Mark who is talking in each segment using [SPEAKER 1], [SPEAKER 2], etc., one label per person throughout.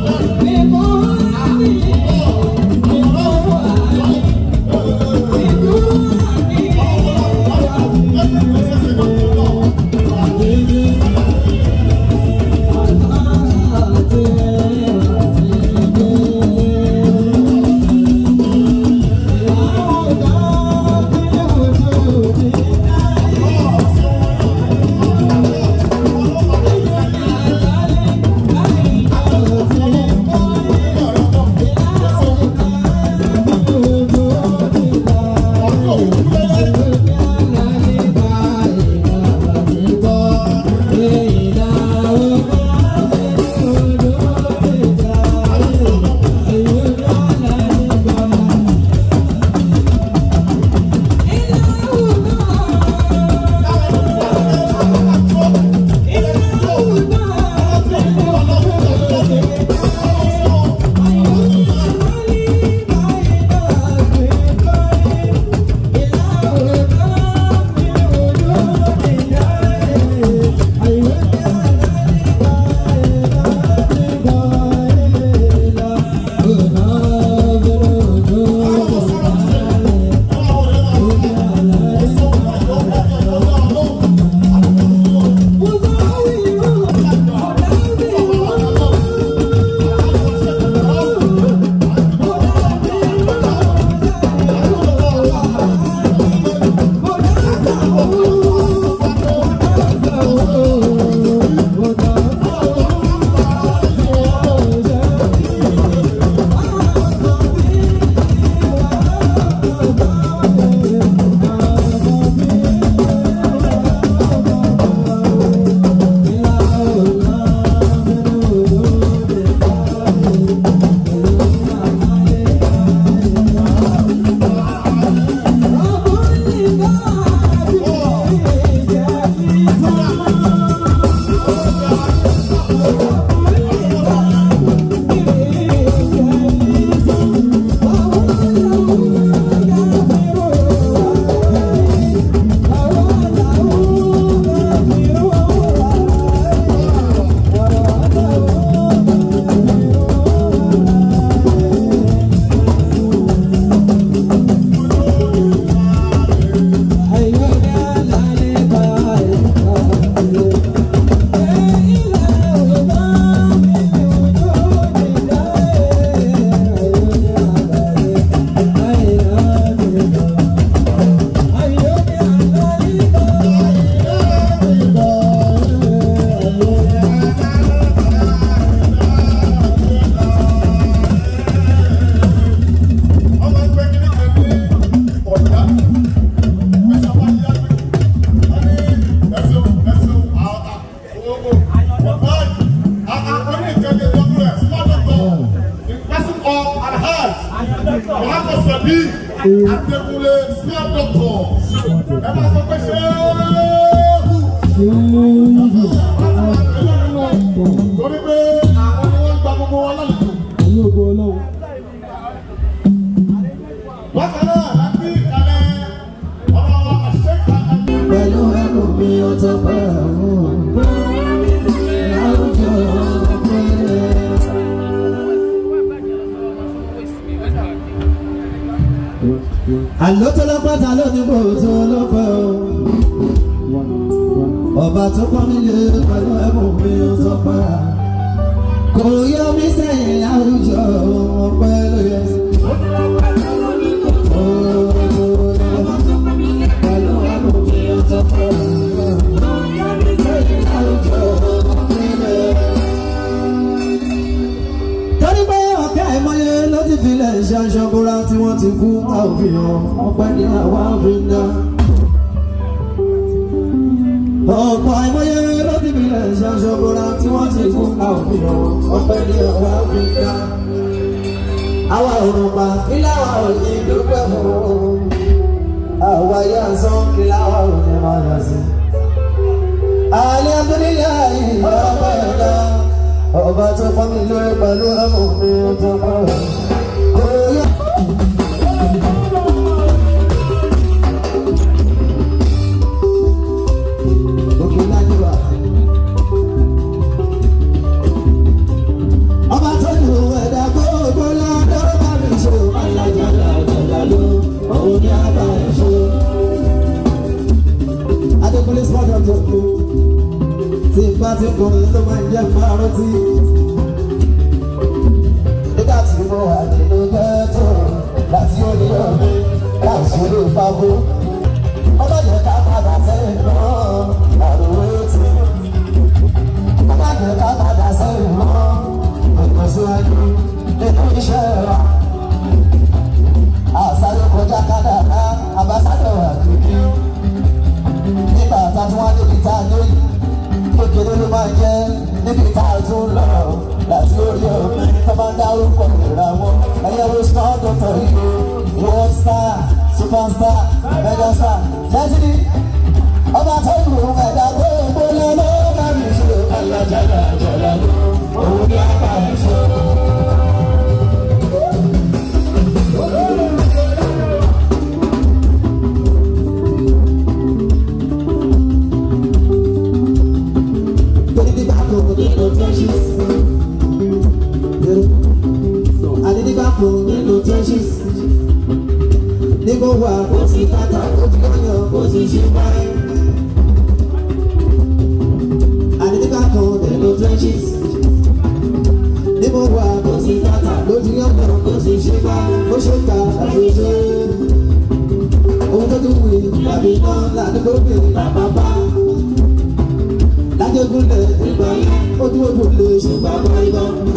[SPEAKER 1] Por àbí àtẹkùnlé slap doctor ẹ máa sọ pé ṣé lórí pé àwọn ni wọ́n gba gbogbo wọn lálejò. Oba tó pọ́n mi lé pẹ̀lú ẹ̀bùn mi ó tó para kò yọ mí sẹ́yìn láwùjọ mo pẹ́ ló yẹ. ọba tó pọ́n mi lé pẹ̀lú ẹ̀bùn mi ó tó para. ìfilẹ̀ ìṣe aṣọ bóra tí wọ́n ti kú àwọn òfin hàn wọ́n pẹ́ ní àwọn àfin náà ọ̀pọ̀ àìmọye lóbi ìbílẹ̀ ṣàṣọ́bùrà tí wọ́n ti fún ká òfin ọ̀hún ọpẹ́ ní ọwọ́ áfíríkà. àwa òrùngbà kí láwa ò ní dúpẹ́ fún un àwa yá sán kí láwa ò ní máa yà sí. alihamudulilayi ọba ẹ̀dá ọba tó pọ́n mi lórí pẹ̀lú ọmọ mi tó pọ̀ òṣèré ìfagbó ọba jẹ ká padà sẹ́yìn náà àròwé tí ọba jẹ ká padà sẹ́yìn náà ọ̀nà síwájú nínú iṣẹ́ wa àṣàlẹ̀ kọjá kádàrá àbáṣádọ̀ àdúgbò nígbà tá a tún wá níbi tá a dé kékeré ló máa jẹ́ níbi tá a tún lọ pàǹsà ẹ̀jọ̀ sà lẹ́sìdì ọba tó ń lò ó ẹ̀dá tó ń gbóná so bá mi ṣe alájàgbà jọ̀lá ló. ṣiṣẹ́ parí. Àdínkà kan tẹ̀lé trenches. Níbo wà kò sí tata lójú ọ̀nà kò sì ṣe bá ó ṣe ta àṣeṣe. Ohun tó tún wù tàbí iná ládùúgbò bèrè bàbá bá. Lájẹ́gúnlẹ̀ ìgbà yẹn ó dúró gbòòlè ṣùgbọ́n àbọ̀ ìbọn.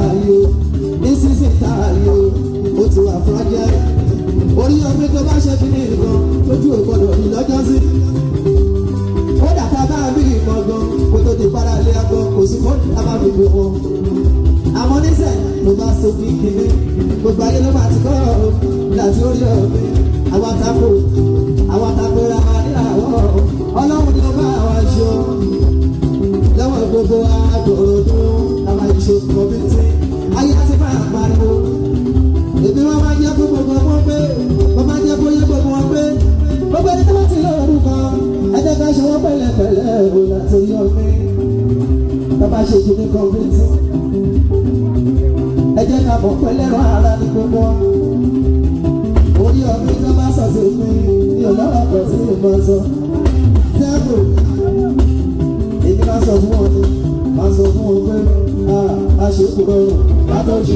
[SPEAKER 1] ayò nísinsìnyí tá ayò ó ti wà fúrájẹ́ orí omi tó bá ṣe kíní nǹkan lójú ògbọ́dọ̀ ìlọ́jọ́ sí. ó dàtà bá bí ìmọ̀gàn kó tó ti para ilé ẹ̀kọ́ kò sí mọ́ abábìbò wọn. àmọ́ níṣẹ́ ló bá so bí kíní gbogbo ayé ló bá ti kọ́ ọ́ láti orí omi àwọn àtakò àwọn àtakò ra máa ní àwọ̀ ọlọ́run ni ó bá wa ṣe ọ́ lọ́wọ́ gbogbo àgbòrò ọ̀la ìṣòro mi ti ayé ti fẹ́ àpariwo èmi wọn máa ń yẹ kó gbogbo ọmọ pé wọn máa ń yẹ kó yẹ gbogbo ọmọ pé gbogbo ẹni tó bá ti lọ orúkọ ẹjẹ ká ṣe wọn pẹ̀lẹ́pẹ̀lẹ́ òun láti yọ mí bàbá ṣe jù ní kọ́mpútì ẹjẹ ká mọ̀ pẹ́lẹ́rọ ara ní gbogbo orí ọ̀gbìn tó bá sọ̀ sí mi ní ọ̀dọ́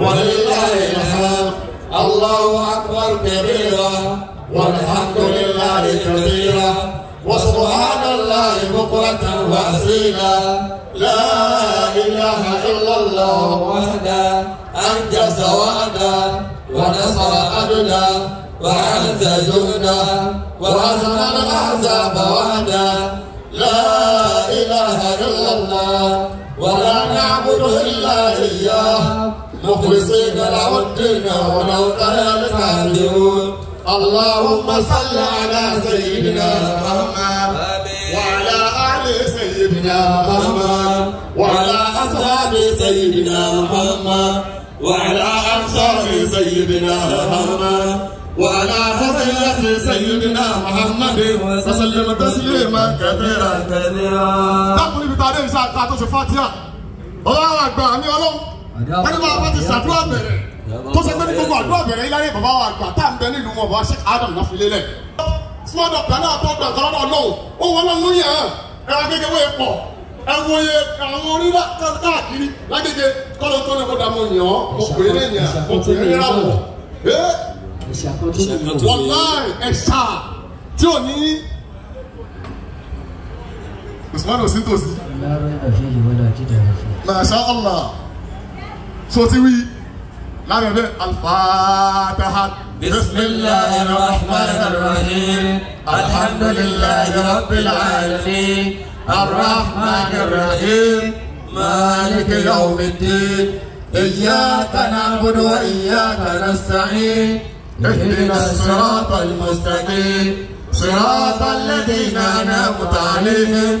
[SPEAKER 1] ولله الحمد الله أكبر كبيرا والحمد لله كثيرا وسبحان الله بكرة وأصيلا لا إله إلا الله وحده أنجز وعدا ونصر أبدا وعز جهدا وهزم الأحزاب وعدا لا إله إلا الله ولا نعبد إلا إياه مخلصين له الدين ولو كره الكافرون اللهم صل على سيدنا محمد وعلى آل سيدنا محمد وعلى أصحاب سيدنا محمد وعلى أنصار سيدنا محمد وعلى هدية سيدنا محمد وسلم تسليما كثيرا كثيرا. wọ́n ní bá wọ́n ti sàdúrà bẹ̀rẹ̀ tó ṣe pé ní gbogbo àdúrà bẹ̀rẹ̀ ilé ayé bàbá wa àgbà tá à ń bẹ nílùú wọn bá ṣe Adam náà fi lélẹ̀. small doctor náà tó gbà kan lọ́dọ̀ lọ́wọ́ ó wọ́n lọ́ lóyè hàn ẹ̀rọ agbègbè pọ̀ ẹ̀wọ̀n yẹ àwọn orílẹ̀ káàkiri lágbègbè kọ́lọ́ tó ní kó dà mọ̀ yàn ọ́ pè é lẹ́yìn mo pè é lẹ́yìn àwọ̀ wọ́láì ẹ̀ṣà tí ò ní. Usman osintosi. Masha Allah. صوتي وي لا لا الفاتحة بسم الله الرحمن الرحيم الحمد لله رب العالمين الرحمن الرحيم مالك يوم الدين إياك نعبد وإياك نستعين اهدنا الصراط المستقيم صراط الذين أنعمت عليهم